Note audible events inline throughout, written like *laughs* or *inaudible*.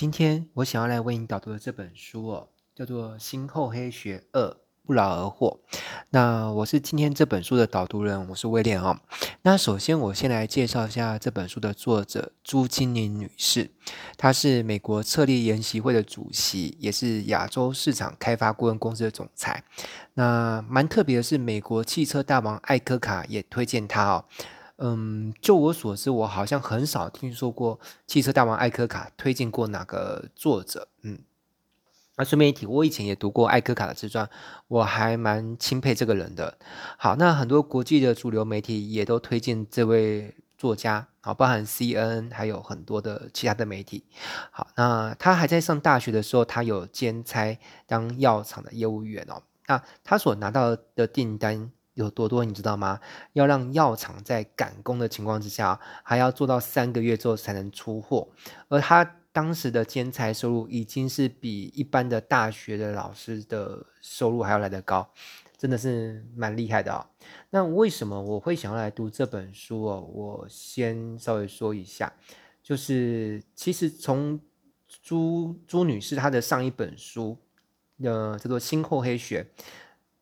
今天我想要來為你導讀的這本書哦，叫做《新厚黑學二：不勞而獲》。那我是今天這本書的導讀人，我是威廉哦，那首先我先來介紹一下這本書的作者朱金玲女士，她是美國策略研習會的主席，也是亞洲市場開發顧問公司的總裁。那蠻特別的是，美國汽車大王艾柯卡也推薦她哦。嗯，就我所知，我好像很少聽說過汽車大王艾柯卡推薦過哪個作者。嗯，那順便一提，我以前也讀過艾柯卡的自傳，我還蠻欽佩這個人的。好，那很多國際的主流媒體也都推薦這位作家，好，包含 CNN 還有很多的其他的媒體。好，那他還在上大學的時候，他有兼差當藥廠的業務員哦。那他所拿到的訂單。有多多你知道嗎？要讓藥廠在趕工的情況之下，啊，還要做到三個月之後才能出貨，而他當時的兼差收入已經是比一般的大學的老師的收入還要來得高，真的是蠻厲害的啊。那為什麼我會想要來讀這本書哦，啊？我先稍微說一下，就是其實從朱朱女士她的上一本書，呃，叫做《新厚黑學》。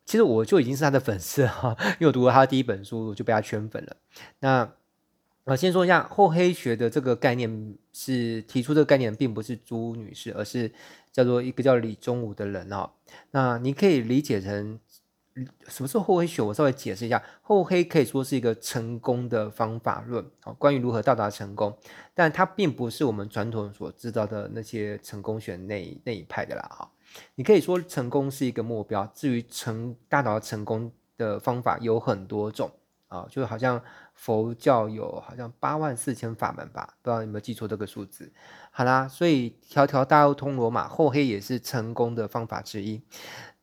其實我就已經是他的粉絲哈、啊，因為我讀了他的第一本書，我就被他圈粉了。那我先說一下厚黑學的這個概念是，是提出這個概念並不是朱女士，而是叫做一個叫李宗吾的人哦。那你可以理解成。什麼是厚黑學？我稍微解釋一下，厚黑可以說是一個成功的方法論，哦、關於如何到達成功，但它並不是我們傳統所知道的那些成功學那那一派的啦，哈、哦，你可以說成功是一個目標，至於成達到成功的方法有很多種，啊、哦，就好像佛教有好像八萬四千法門吧，不知道有沒有記錯這個數字。好啦，所以條條大路通羅馬，厚黑也是成功的方法之一。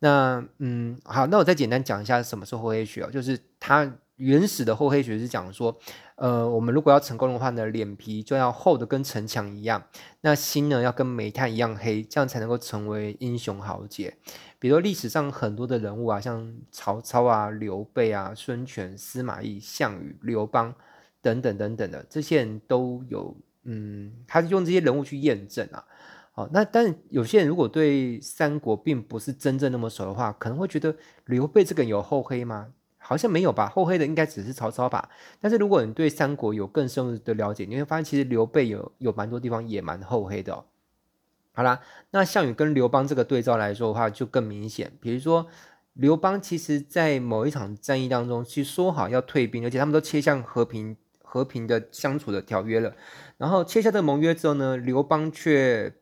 那嗯，好，那我再簡單講一下什麼是厚黑學哦，就是它原始的厚黑學是講說，呃，我們如果要成功的話呢，臉皮就要厚得跟城牆一樣，那心呢要跟煤炭一樣黑，這樣才能夠成為英雄豪傑。比如歷史上很多的人物啊，像曹操啊、劉備啊、孫權、司馬懿、項羽、劉邦等等等等的這些人都有。嗯，他用這些人物去驗證啊。好，哦，那但有些人如果對三國並不是真正那麼熟的話，可能會覺得劉備這個人有厚黑嗎？好像沒有吧，厚黑的應該只是曹操吧。但是如果你對三國有更深入的了解，你會發現其實劉備有有蠻多地方也蠻厚黑的哦。好啦，那項羽跟劉邦這個對照來說的話，就更明顯。比如說劉邦，其實在某一場戰役當中，其實說好要退兵，而且他們都切向和平。和平的相處的條約了，然後簽下這個的盟約之後呢，劉邦卻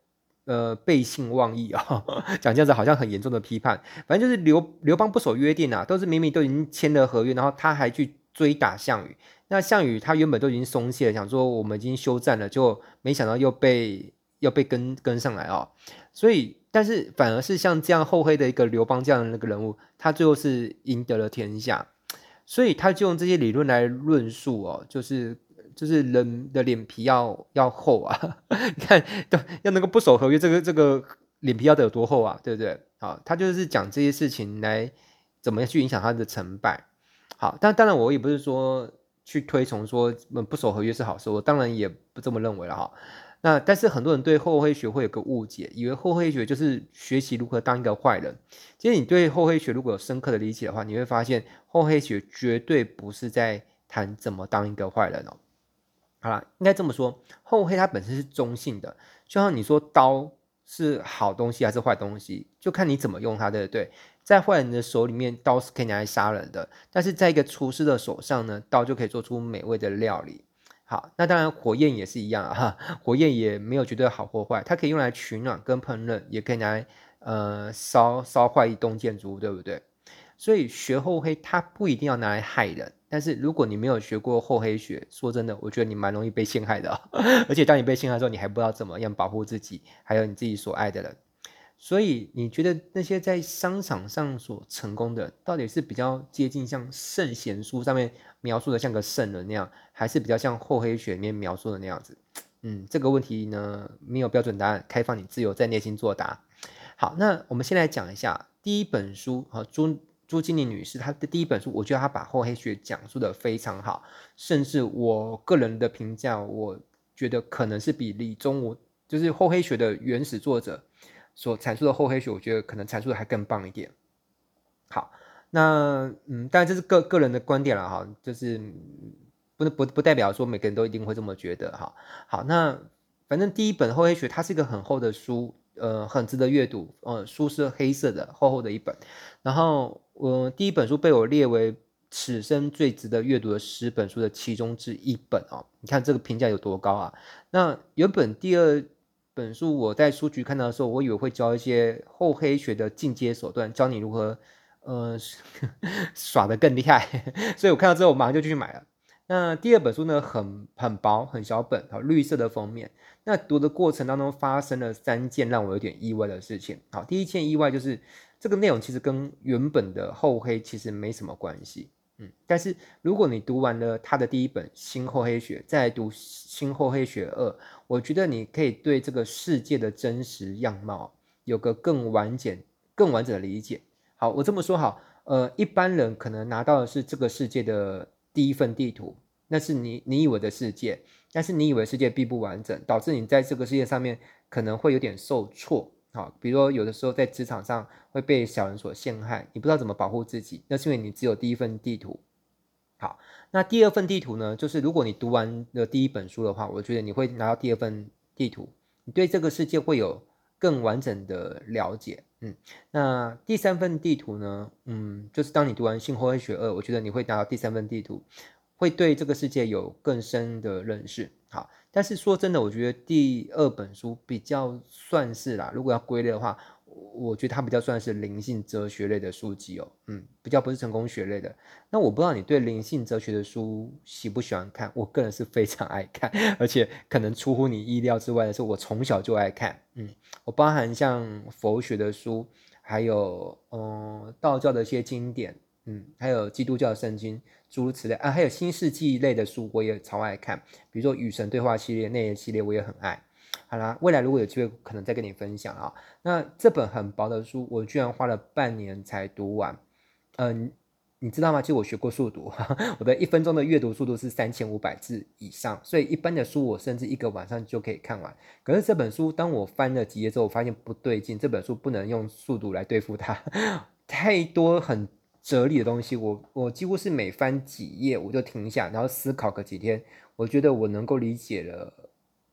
呃背信忘義啊、哦，講 *laughs* 這樣子好像很嚴重的批判，反正就是劉劉邦不守約定啊，都是明明都已經簽了合約，然後他還去追打項羽，那項羽他原本都已經鬆懈了，想說我們已經休戰了，就沒想到又被要被跟跟上來啊、哦，所以但是反而是像這樣厚黑的一個劉邦這樣的那個人物，他最後是贏得了天下。所以他就用這些理論來論述哦，就是就是人的臉皮要要厚啊，你看要要能夠不守合約，這個，這個這個臉皮要得有多厚啊，對不對？啊，他就是講這些事情來怎麼樣去影響他的成敗。好，但當然我也不是說去推崇說不守合約是好事，我當然也不這麼認為了哈、哦。那但是很多人對厚黑學會有個誤解，以為厚黑學就是學習如何當一個壞人。其實你對厚黑學如果有深刻的理解的話，你會發現厚黑學絕對不是在談怎麼當一個壞人哦。好啦，應該這麼說，厚黑它本身是中性的，就像你說刀是好東西還是壞東西，就看你怎麼用它，對不對？在壞人的手裡面，刀是可以拿來殺人的，但是在一個廚師的手上呢，刀就可以做出美味的料理。好，那當然火焰也是一樣，啊、哈，火焰也沒有絕對好或壞，它可以用來取暖跟烹飪，也可以拿來呃燒燒壞一棟建築物，對不對？所以學厚黑，它不一定要拿來害人。但是如果你沒有學過厚黑學，說真的，我覺得你蠻容易被陷害的哦。而且當你被陷害的時候，你還不知道怎麼樣保護自己，還有你自己所愛的人。所以你覺得那些在商場上所成功的，到底是比較接近像聖賢書上面？描述的像個聖人那樣，還是比較像厚黑學裡面描述的那樣子。嗯，這個問題呢，沒有標準答案，開放你自由在內心作答。好，那我們先來講一下第一本書，啊、朱朱金玲女士她的第一本書，我覺得她把厚黑學講述的非常好，甚至我個人的評價，我覺得可能是比李宗吾就是厚黑學的原始作者所闡述的厚黑學，我覺得可能闡述的還更棒一點。好。那嗯，但這是個個人的觀點了哈，就是不不不代表說每個人都一定會這麼覺得哈。好，那反正第一本厚黑學它是一個很厚的書，呃，很值得閱讀。呃，書是黑色的，厚厚的一本。然後，嗯、呃，第一本書被我列為此生最值得閱讀的十本書的其中之一本哦。你看這個評價有多高啊？那原本第二本書我在書局看到的時候，我以為會教一些厚黑學的進階手段，教你如何。呃，耍得更厲害，所以我看到之後，我馬上就去買了。那第二本書呢，很很薄，很小本，好，綠色的封面。那讀的過程當中發生了三件讓我有點意外的事情。好，第一件意外就是這個內容其實跟原本的厚黑其實沒什麼關係。嗯，但是如果你讀完了他的第一本《新厚黑學》，再讀《新厚黑學二》，我覺得你可以對這個世界的真實樣貌有個更完整、更完整的理解。好，我這麼說好，呃，一般人可能拿到的是這個世界的第一份地圖，那是你你以為的世界，但是你以為世界並不完整，導致你在這個世界上面可能會有點受挫，好，比如說有的時候在職場上會被小人所陷害，你不知道怎麼保護自己，那是因為你只有第一份地圖。好，那第二份地圖呢，就是如果你讀完了第一本書的話，我覺得你會拿到第二份地圖，你對這個世界會有更完整的了解。嗯，那第三份地圖呢？嗯，就是當你讀完《新厚黑學2》，我覺得你會達到第三份地圖，會對這個世界有更深的認識。好，但是說真的，我覺得第二本書比較算是啦，如果要歸類的話。我覺得它比較算是靈性哲學類的書籍哦，嗯，比較不是成功學類的。那我不知道你對靈性哲學的書喜不喜歡看？我個人是非常愛看，而且可能出乎你意料之外的是，我從小就愛看。嗯，我包含像佛學的書，還有嗯、呃、道教的一些經典，嗯，還有基督教的聖經，諸如此類啊，還有新世紀類的書我也超愛看，比如說《與神對話》系列，那些系列我也很愛。好啦，未來如果有機會，可能再跟你分享啊。那這本很薄的書，我居然花了半年才讀完。嗯，你知道嗎？其實我學過速讀，我的一分鐘的閱讀速度是三千五百字以上，所以一般的書我甚至一個晚上就可以看完。可是這本書，當我翻了幾頁之後，我發現不對勁，這本書不能用速讀來對付它，太多很哲理的東西。我我幾乎是每翻幾頁我就停下，然後思考個幾天，我覺得我能夠理解了，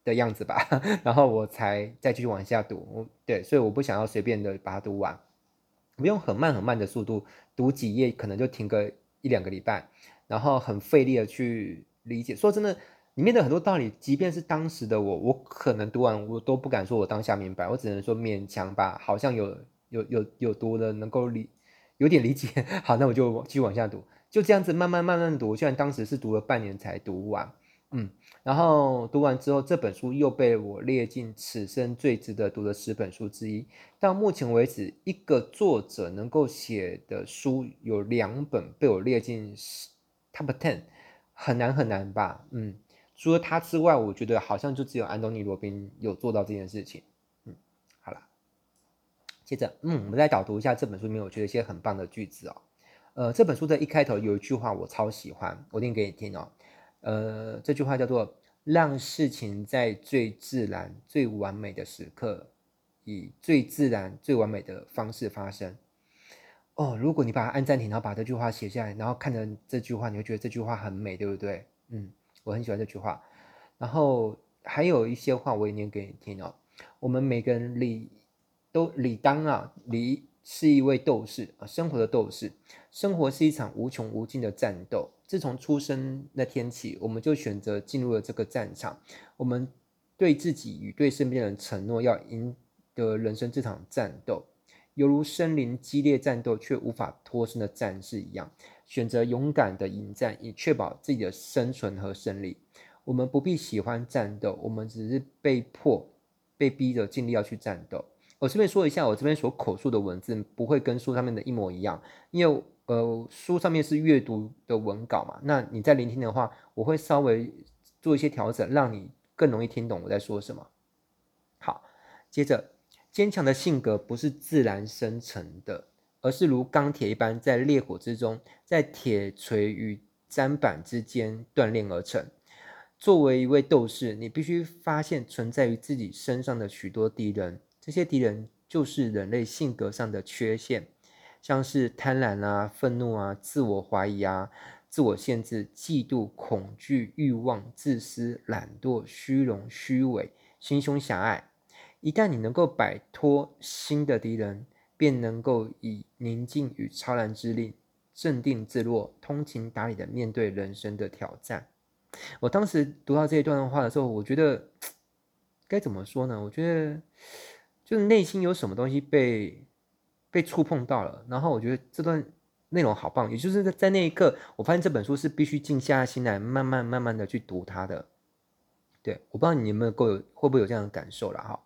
的樣子吧，然後我才再繼續往下讀。我對，所以我不想要隨便的把它讀完，我用很慢很慢的速度讀幾頁，可能就停個一兩個禮拜，然後很費力的去理解。說真的，裡面的很多道理，即便是當時的我，我可能讀完我都不敢說我當下明白，我只能說勉強吧，好像有有有有讀的能夠理有點理解。好，那我就繼續往下讀，就這樣子慢慢慢慢讀。雖然當時是讀了半年才讀完，嗯。然後讀完之後，這本書又被我列進此生最值得讀的十本書之一。到目前為止，一個作者能夠寫的書有兩本被我列進 10, top ten，很難很難吧？嗯，除了他之外，我覺得好像就只有安東尼·羅賓有做到這件事情。嗯，好了，接着，嗯，我們再導讀一下這本書裡面我覺得一些很棒的句子哦。呃，這本書的一開頭有一句話我超喜歡，我念給你聽哦。呃，這句話叫做“讓事情在最自然、最完美的時刻，以最自然、最完美的方式發生”。哦，如果你把它按暫停，然後把這句話寫下來，然後看着這句話，你會覺得這句話很美，對不對？嗯，我很喜歡這句話。然後還有一些話，我也念給你聽哦。我們每個人理都理當啊，理是一位鬥士啊，生活的鬥士。生活是一場無窮無盡的戰鬥。自從出生那天起，我們就選擇進入了這個戰場。我們對自己與對身邊的人承諾，要贏得人生這場戰鬥，猶如身臨激烈戰鬥卻無法脫身的戰士一樣，選擇勇敢的迎戰，以確保自己的生存和勝利。我們不必喜歡戰鬥，我們只是被迫、被逼着盡力要去戰鬥。我順便說一下，我這邊所口述的文字不會跟書上面的一模一樣，因為。呃，書上面是閱讀的文稿嘛，那你在聆聽的話，我會稍微做一些調整，讓你更容易聽懂我在說什麼。好，接着，堅強的性格不是自然生成的，而是如鋼鐵一般，在烈火之中，在鐵錘與砧板之間鍛鍊而成。作為一位鬥士，你必須發現存在於自己身上的許多敵人，這些敵人就是人類性格上的缺陷。像是貪婪啊、憤怒啊、自我懷疑啊、自我限制、嫉妒、恐懼、欲望、自私、懶惰、虛榮、虛偽、心胸狹隘。一旦你能夠擺脫新的敵人，便能夠以寧靜與超然之力，鎮定自若、通情達理地面對人生的挑戰。我當時讀到這一段話的時候，我覺得該怎麼說呢？我覺得就是內心有什麼東西被。被觸碰到了，然後我覺得這段內容好棒，也就是在那一刻，我發現這本書是必須靜下心來，慢慢慢慢的去讀它的。對，我不知道你們有沒有夠會不會有這樣的感受啦哈？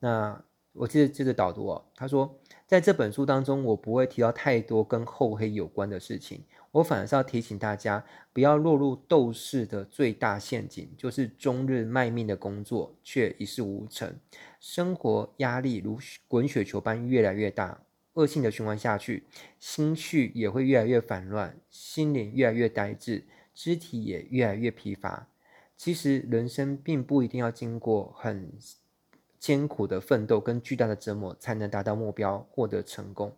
那我記得這個導讀哦，他說在這本書當中，我不會提到太多跟厚黑有關的事情，我反而是要提醒大家，不要落入鬥士的最大陷阱，就是終日賣命的工作卻一事無成，生活壓力如滾雪球般越來越大。惡性的循環下去，心緒也會越來越煩亂，心靈越來越呆滯，肢體也越來越疲乏。其實，人生並不一定要經過很艱苦的奮鬥跟巨大的折磨，才能達到目標，獲得成功。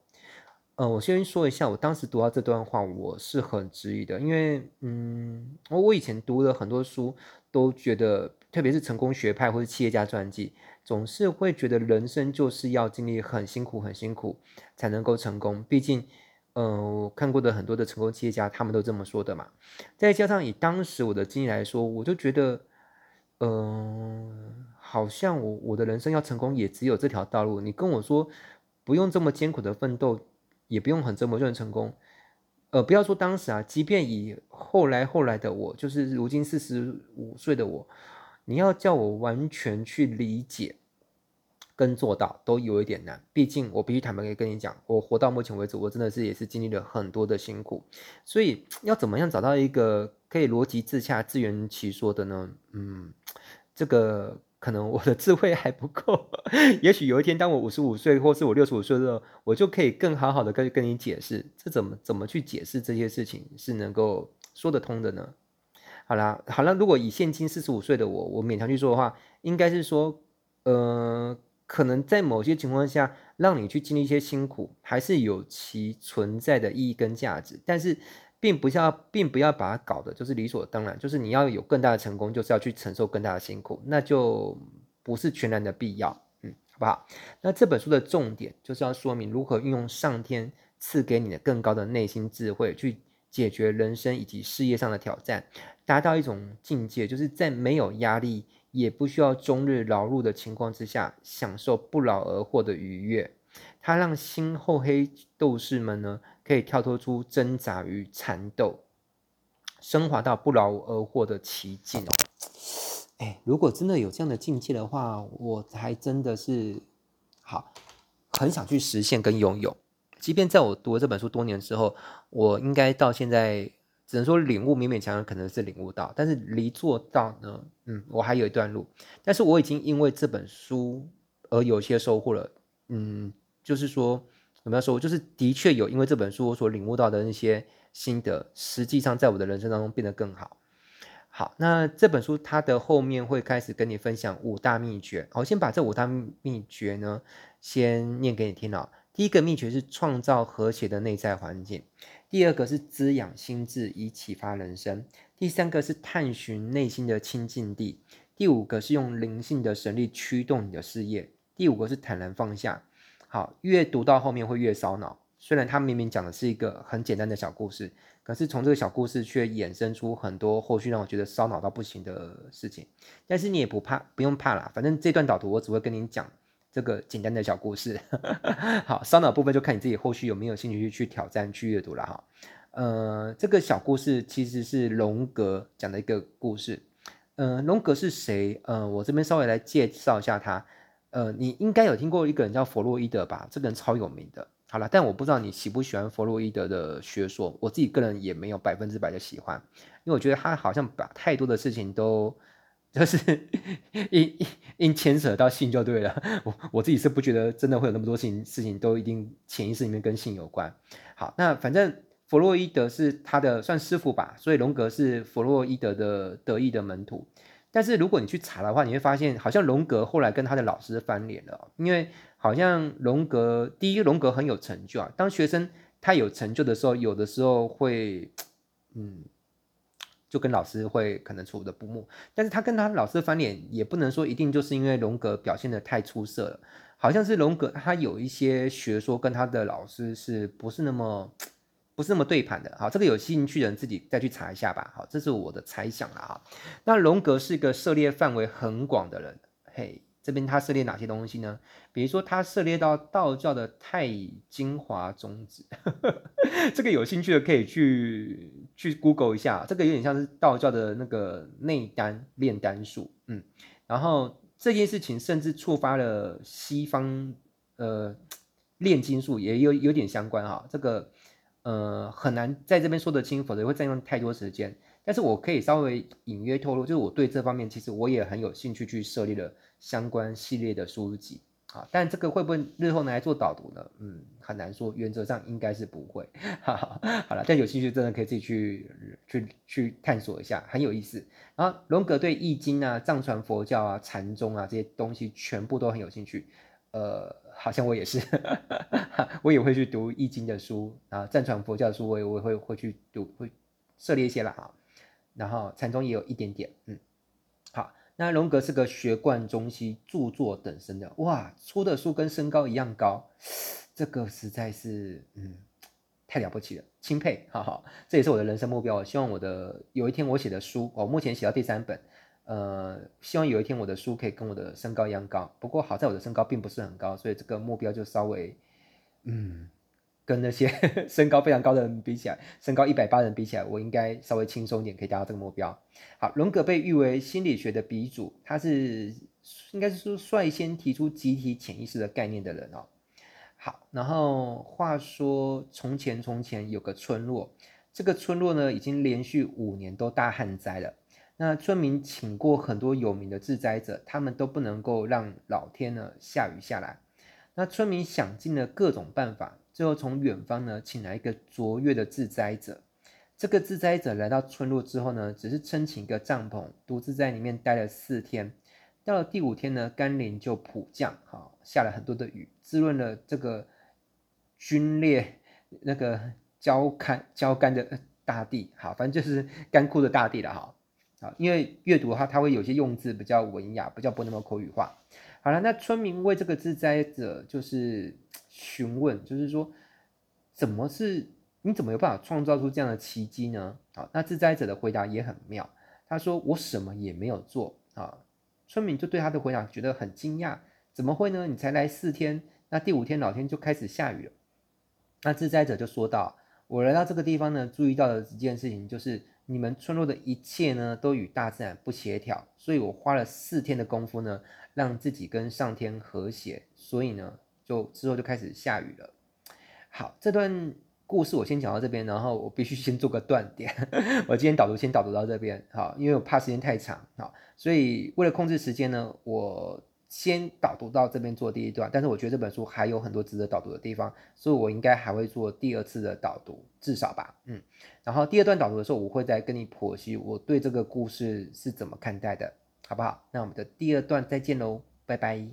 呃，我先說一下，我當時讀到這段話，我是很質疑的，因為，嗯，我我以前讀了很多書，都覺得，特別是成功學派或是企業家傳記。總是會覺得人生就是要經歷很辛苦、很辛苦才能夠成功。畢竟，呃，我看過的很多的成功企業家，他們都這麼說的嘛。再加上以當時我的經歷來說，我就覺得，嗯、呃，好像我我的人生要成功，也只有這條道路。你跟我說不用這麼艱苦的奮鬥，也不用很折磨就能成功。呃，不要說當時啊，即便以後來後來的我，就是如今四十五歲的我。你要叫我完全去理解跟做到都有一點難，畢竟我必須坦白的跟你講，我活到目前為止，我真的是也是經歷了很多的辛苦，所以要怎麼樣找到一個可以邏輯自洽、自圓其說的呢？嗯，這個可能我的智慧還不夠，也許有一天當我五十五歲或是我六十五歲的時候，我就可以更好好的跟跟你解釋，這怎麼怎麼去解釋這些事情是能夠說得通的呢？好啦，好啦，如果以現今四十五歲的我，我勉強去說的話，應該是說，呃，可能在某些情況下，讓你去經歷一些辛苦，還是有其存在的意義跟價值。但是，並不是要，並不要把它搞得就是理所當然，就是你要有更大的成功，就是要去承受更大的辛苦，那就不是全然的必要。嗯，好不好？那這本書的重點就是要說明如何運用上天賜給你的更高的內心智慧去。解決人生以及事業上的挑戰，達到一種境界，就是在沒有壓力，也不需要終日勞碌的情況之下，享受不勞而獲的愉悅。它讓新厚黑鬥士們呢，可以跳脫出掙扎與纏鬥，升華到不勞而獲的奇境。哎、欸，如果真的有這樣的境界的話，我還真的是好，很想去實現跟擁有。即便在我讀了這本書多年之後，我應該到現在只能說領悟勉勉強強，可能是領悟到，但是離做到呢，嗯，我還有一段路。但是我已經因為這本書而有些收穫了，嗯，就是說有沒有收穫？就是的確有，因為這本書我所領悟到的那些心得，實際上在我的人生當中變得更好。好，那這本書它的後面會開始跟你分享五大秘訣。好，我先把這五大秘訣呢先念給你聽哦。第一個秘訣是創造和諧的內在環境，第二個是滋養心智以啟發人生，第三個是探尋內心的清淨地，第五個是用靈性的神力驅動你的事業，第五個是坦然放下。好，越讀到後面會越燒腦。雖然他明明講的是一個很簡單的小故事，可是從這個小故事卻衍生出很多後續讓我覺得燒腦到不行的事情。但是你也不怕，不用怕啦，反正這段導圖我只會跟你講這個簡單的小故事， *laughs* 好，燒腦部分就看你自己後續有沒有興趣去挑戰去閱讀了哈。呃，這個小故事其實是榮格講的一個故事。呃，榮格是誰？呃，我這邊稍微來介紹一下他。呃，你應該有聽過一個人叫弗洛伊德吧？這個人超有名的。好了，但我不知道你喜不喜歡弗洛伊德的學說，我自己個人也沒有百分之百的喜歡，因為我覺得他好像把太多的事情都。就是因因因牽扯到性就對了，我我自己是不覺得真的會有那麼多事情，事情都一定潛意識裡面跟性有關。好，那反正弗洛伊德是他的算師父吧，所以榮格是弗洛伊德的得意的門徒。但是如果你去查的話，你會發現好像榮格後來跟他的老師翻臉了，因為好像榮格第一個榮格很有成就啊，當學生他有成就的時候，有的時候會嗯。就跟老師會可能處的不睦，但是他跟他老師翻臉，也不能說一定就是因為榮格表現得太出色了，好像是榮格他有一些學說跟他的老師是不是那麼不是那麼對盤的，好，這個有興趣的人自己再去查一下吧。好，這是我的猜想啦，哈。那榮格是一個涉獵範圍很廣的人，嘿，Hey，這邊他涉獵哪些東西呢？比如說他涉獵到道教的太乙金華宗旨， *laughs* 這個有興趣的可以去。去 Google 一下，這個有點像是道教的那個內丹煉丹術，嗯，然後這件事情甚至觸發了西方呃煉金術，也有有點相關哈，這個呃很難在這邊說得清，否則會占用太多時間，但是我可以稍微隱約透露，就是我對這方面其實我也很有興趣去設立了相關系列的書籍。啊，但這個會不會日後拿來做導讀呢？嗯，很難說，原則上應該是不會。好了，但有興趣真的可以自己去去去探索一下，很有意思。然後，榮格對易經啊、藏傳佛教啊、禪宗啊這些東西全部都很有興趣。呃，好像我也是， *laughs* *laughs* 我也會去讀易經的書啊，然後藏傳佛教的書我也我也會會去讀，會涉獵一些了啊。然後禪宗也有一點點，嗯，好。那榮格是個學貫中西、著作等身的，哇，出的書跟身高一樣高，這個實在是，嗯，太了不起了，欽佩，哈哈，這也是我的人生目標。我希望我的有一天我寫的書，我目前寫到第三本，呃，希望有一天我的書可以跟我的身高一樣高。不過好在我的身高並不是很高，所以這個目標就稍微，嗯。跟那些 *laughs* 身高非常高的人比起來，身高一百八的人比起來，我應該稍微輕鬆一點，可以達到這個目標。好，榮格被譽為心理學的鼻祖，他是應該是說率先提出集體潛意識的概念的人哦。好，然後話說從前從前有個村落，這個村落呢已經連續五年都大旱災了。那村民請過很多有名的治災者，他們都不能夠讓老天呢下雨下來。那村民想盡了各種辦法。最後從遠方呢，請來一個卓越的自栽者。這個自栽者來到村落之後呢，只是撐起一個帳篷，獨自在裡面待了四天。到了第五天呢，甘霖就普降，好、哦、下了很多的雨，滋潤了這個皸裂、那個焦乾、焦乾的大地。反正就是乾枯的大地了哈。好，因為閱讀的話，它會有些用字比較文雅，比較不那麼口語化。好了，那村民為這個自在者就是詢問，就是說，怎麼是？你怎麼有辦法創造出這樣的奇蹟呢？啊，那自在者的回答也很妙，他說我什麼也沒有做啊。村民就對他的回答覺得很驚訝，怎麼會呢？你才來四天，那第五天老天就開始下雨了。那自在者就說道：我來到這個地方呢，注意到的一件事情就是。你們村落的一切呢，都與大自然不協調，所以我花了四天的功夫呢，讓自己跟上天和諧。所以呢，就之後就開始下雨了。好，這段故事我先講到這邊，然後我必須先做個斷點。 *laughs* 我今天導讀先導讀到這邊，好，因為我怕時間太長，好，所以為了控制時間呢，我。先導讀到這邊做第一段，但是我覺得這本書還有很多值得導讀的地方，所以我應該還會做第二次的導讀，至少吧，嗯。然後第二段導讀的時候，我會再跟你剖析我對這個故事是怎麼看待的，好不好？那我們的第二段再見嘍，拜拜。